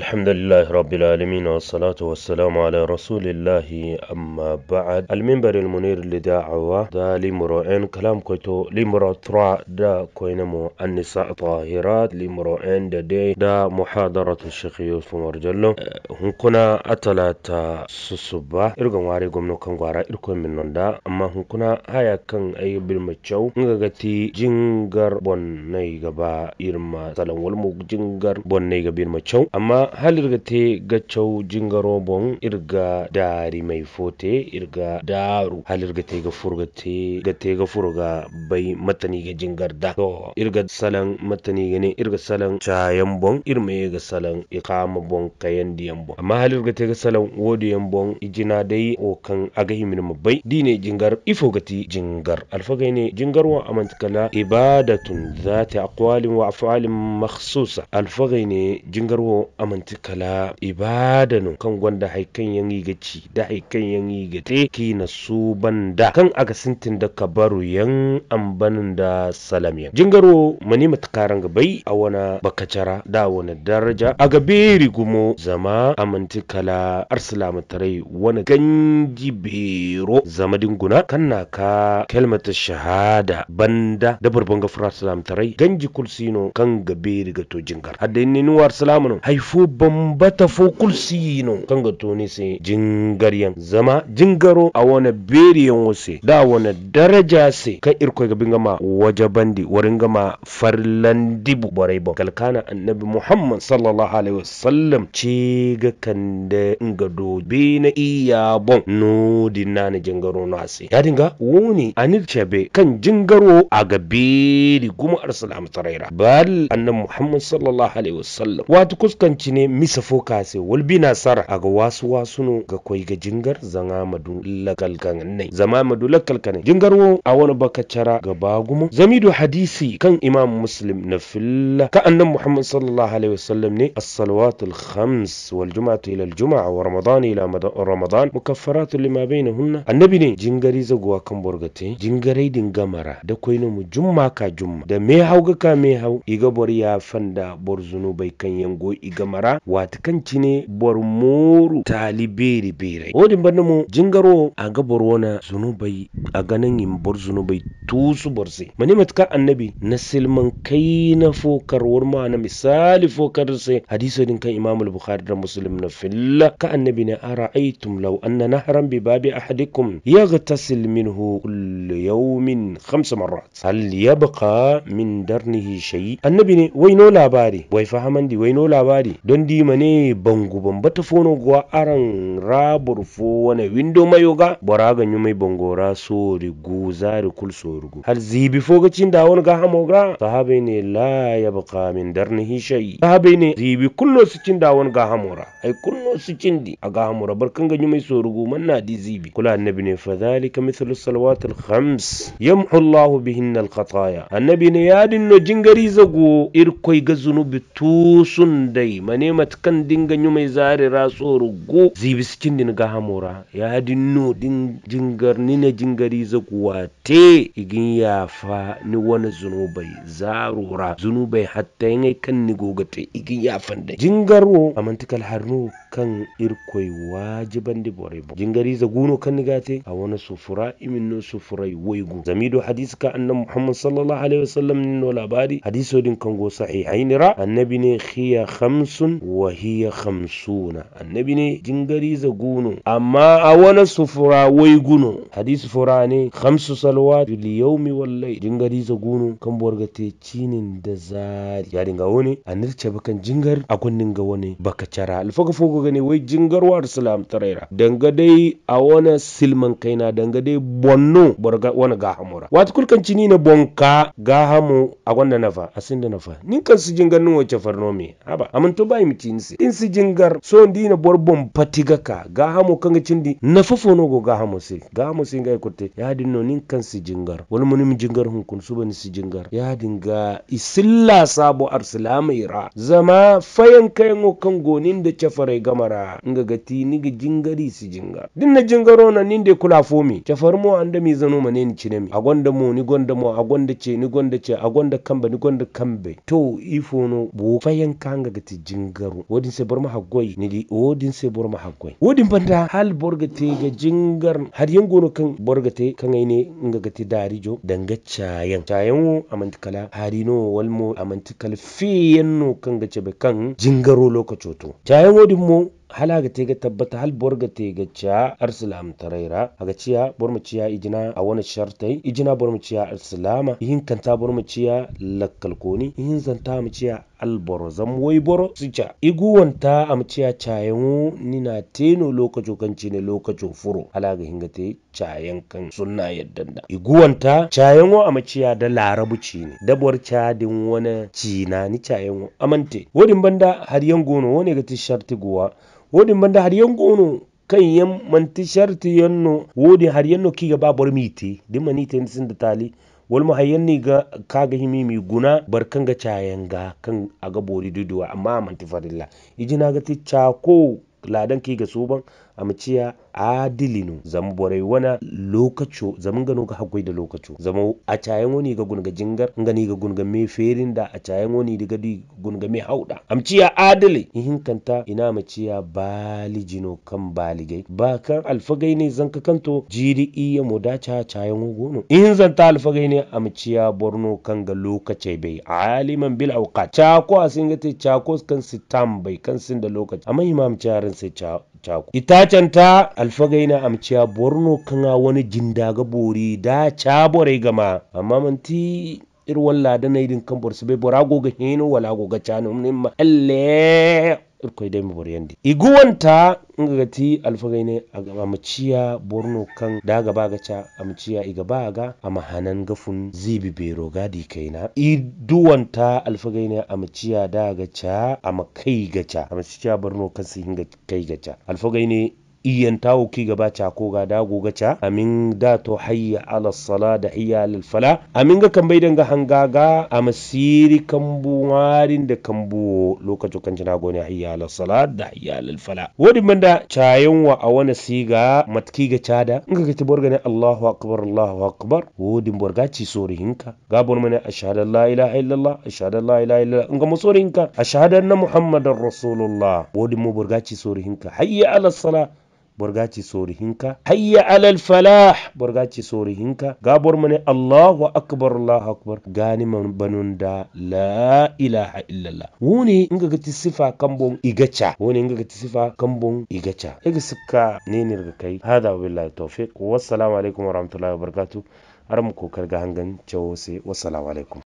الحمد لله رب العالمين والصلاة والسلام على رسول الله أما بعد المنبر المنير لدعوة دا لمرؤين كلام كويتو لمرأة دا كوينمو النساء طاهرات لمرؤين دا دي دا محاضرة الشيخ يوسف مرجلو أه، هنكنا أتلاتا سسبا إرغم واري قمنو كان غارا إركوين من دا أما هنكنا هيا كان أي بالمتشو نغغتي جنجر بون نيغبا إرما سلام والمو جنجر بون نيغبا إرما أما halirga te gaccau jingaro bon irga dari mai fote irga daru halirga te ga furga te ga te ga furga bai matani ga jingar da to irga salan matani ga ne irga salan chayan bon irme ga salan iqama bon kayan diyan bon amma halirga te ga salan wodi yan bon ijina dai o kan aga himin mu bai dine jingar ifo gati jingar alfagai ne jingar wa amantakala ibadatun zati aqwalin wa af'alin makhsusa alfagai ne jingar wa manti kala ibadanu kan gwanda haikan yangi gaci da haikan yangi gate ki na su banda kan aga sintin da kabaru yan ambanin da salamiya jingaro mani matakaran bai a wana bakacara da wani daraja a gaberi gumo zama amanti kala arsalama tarai wani ganji bero zama dinguna kan na ka kelmata shahada banda da barbanga fura salam tarai ganji kulsino kan gaberi ga to jingar hadda ni nuwar salamu haifu. fo bambata fo kan ga toni se jingariyan zama jingaro a wani beriyan wose da wani daraja se ka irko ga bingama waje bandi warin gama farlan dibu barai ba kalkana annabi muhammad sallallahu alaihi wasallam ci ga kande nga be na iya bon no dinna ne jingaro na se ya dinga wuni anil chebe kan jingaro a ga beri kuma arsalam tarayra bal annabi muhammad sallallahu alaihi wasallam wato kuskanci ne misa fokase wolbi na sara aga wasu wasu ga koi ga jingar zanga madu lakal kanai zama madu lakal kanai jingar wo a wani baka cara ga bagumo zamidu hadisi kan imam muslim na filla ka annan muhammad sallallahu alaihi wasallam ne as-salawatul khams wal juma'atu ila al-juma'a wa ramadan ila ramadan mukaffaratu lima bainahunna annabi ne jingari zaguwa kan borgate jingarai gamara. da koi no mu jumma ka jumma da me hauga ka me hau iga bor ya fanda bor zunubai kan yango iga mara wati ne bor moru tali beri wadin wodin bannamu jingaro ga bor wona zunubai a ganin in bor zunubai tusu borse mani matka annabi na silman kai na fokar warma na misali fokar sai hadisi din kan imam al-bukhari da muslim na filla ka annabi ne ara'aytum law anna nahran bi babi ahadikum yaghtasil minhu kullu yawmin khams marrat hal yabqa min darnihi shay annabi ne wai no labari wai fahaman waino wai no labari Don mane bangu bata fono gwa aran rabur fo wane windo mayoga ga nyume bangora sori zari kul sorugu hal zibi foga cinda ga ga sahabe ne la yabqa min darni shay sahabe ne zibi kullo su cinda ga hamora ai kullo su cindi aga hamora barkan ga nyume sorugu manna di zibi kula annabi ne fa mithlu salawat al khams yamhu allah bihinna al khataya annabi ne yadin no jingari zago irkoi ga zunubi tusun dai mane matkan dinga nyumai zare ratsoro go zibiskin din ga hamura ya dinno din jingar ni na jingari zakuwa te igin ya fa ni wani zunubai zarura zunubai hatta yin kan ni gogate igin ya fanda jingaro amantikal harno kan irkoi wajiban di bore bo jingari zaguno kan nigate a wani sufura imin no sufurai waigo zamido hadisi ka annabi muhammad sallallahu alaihi wasallam ni no labari hadiso din kan go sahihain ra annabi ne khiya khamsu sun wahiya hamsuna annabi ne jingari za guno amma a wani sufura wai guno hadisi fura ne hamsu salwa yaumi wallai jingari za guno kan buwar ga te cinin da zari ya dinga wani a bakan jingar a kunnin ga wani baka cara alfaka fogo gani wai jingar wa islam taraira danga a wani silman kaina danga dai bonno borga wani gahamura wata kulkan cini na bonka gahamu a gwanda nafa a sin da nafa nin su jingar nuwa wacce nomi haba amintu bai mi tinse in si jingar so ndi na bor bom patiga ka ga hamo kanga cindi na fofo no go ga hamo si ga hamo si ngai kote ya din no nin kan si jingar wal munim mi jingar hun kun suba ni si jingar ya din ga isilla sabo arsalama ira zama fayan kayan kan gonin da cafare gamara nga gati ni ga jingari si jingar din na jingaro na nin de kula mi cafar mo anda mi zano mane ni cinemi a gonda mo ni gonda mo a gonda ce ni gonda ce a gonda kamba ni gonda kambe to ifo no bo fayan kanga gati jingar jingaru wodin se bor haggoy nidi wodin se borma haggoy wodin banda hal borgate ga jingar har yan kan borgate kan ayne nga gati darijo danga cayan cayan wo amantikala harino walmo amantikala fiyanno kan ga cebe kan jingaro lokaco to cayan wodin mo hala ga tega tabbata hal borga ga tega cha arsalam taraira aga ciya borma ciya ijina a wani shartai ijina borma ciya arsalama ihin kanta borma ciya lakkal koni zanta mu ciya alboro boro su ca iguwan ta am ciya ni nina teno lokaco kan ne lokaco furo hinga te cayen kan sunna yaddanda igu wonta cayen wo am ciya da larabu cine dabor cadin wani cina ni cayen wo amante wodin banda har yan gono wone ti sharti guwa wodin banda har yan gono kan yan manti sharti yanno wodi har yanno kiga babor miti dimma ni tin sin da tali wani hay yenni ga kaga mai guna bar cayan ga kan aga bori duduwa amma Iji na ga ti cako ladan ga suban amciya adilinu zamu boray wona lokaco gano ga da lokaco zamu a cayan wani ga gunga jingar Gani ga gunga me da a cayan wani daga di gunga me hauda amciya adili hinkanta ina maciya bali jino kan baligai ba kan alfagai ne zanka kanto jiri iya mu a cayan gono in zanta alfagai ne amciya borno kan ga lokace bai aliman bil auqat cako asingate cako kan sitam bai kan sin da lokaci amma imam jarin sai cako taku itacen ta na amciya borno kanga wani jindaga bori da cabore gama amma manti ir walla da naydin kan bor sibe bora goga hino wala goga chano nimma alle ir koy dai mi bor yandi iguwanta wanta nga ti alfagai ne a maciya borno kan daga ba ga ca a maciya iga ba ga a mahanan gafun zibi bero gadi kaina i duwanta alfagai ne a maciya daga ca a makai ga ca a maciya borno kan su hinga kai ga ca alfagai ne iyan tawo ki gaba ca ko ga da goga ca amin da to hayya ala sala da hayya ala fala amin ga kan baidan ga hangaga a masiri kan warin da buwo lokacin kan jina gone hayya ala sala da hayya ala fala wadi manda cayan wa a wani siga matki ga chada in ga borga ne Allahu akbar Allahu akbar wodi borga ci sori hinka bon mana ashhadu an la ilaha illallah ashhadu an la ilaha illallah in ga musori hinka ashhadu anna muhammadar rasulullah wodi mu borga ci sori hinka hayya ala sala borgaci sori hinka hayya alal falah borgaci sori hinka ga allahu akbar allahu akbar gani man banunda la ilaha illallah wuni nga gati sifa kambon igacha wuni nga gati sifa kambon igacha ega sikka nenir kai hada billahi tawfiq wassalamu alaikum warahmatullahi wabarakatuh aram hangan sai wassalamu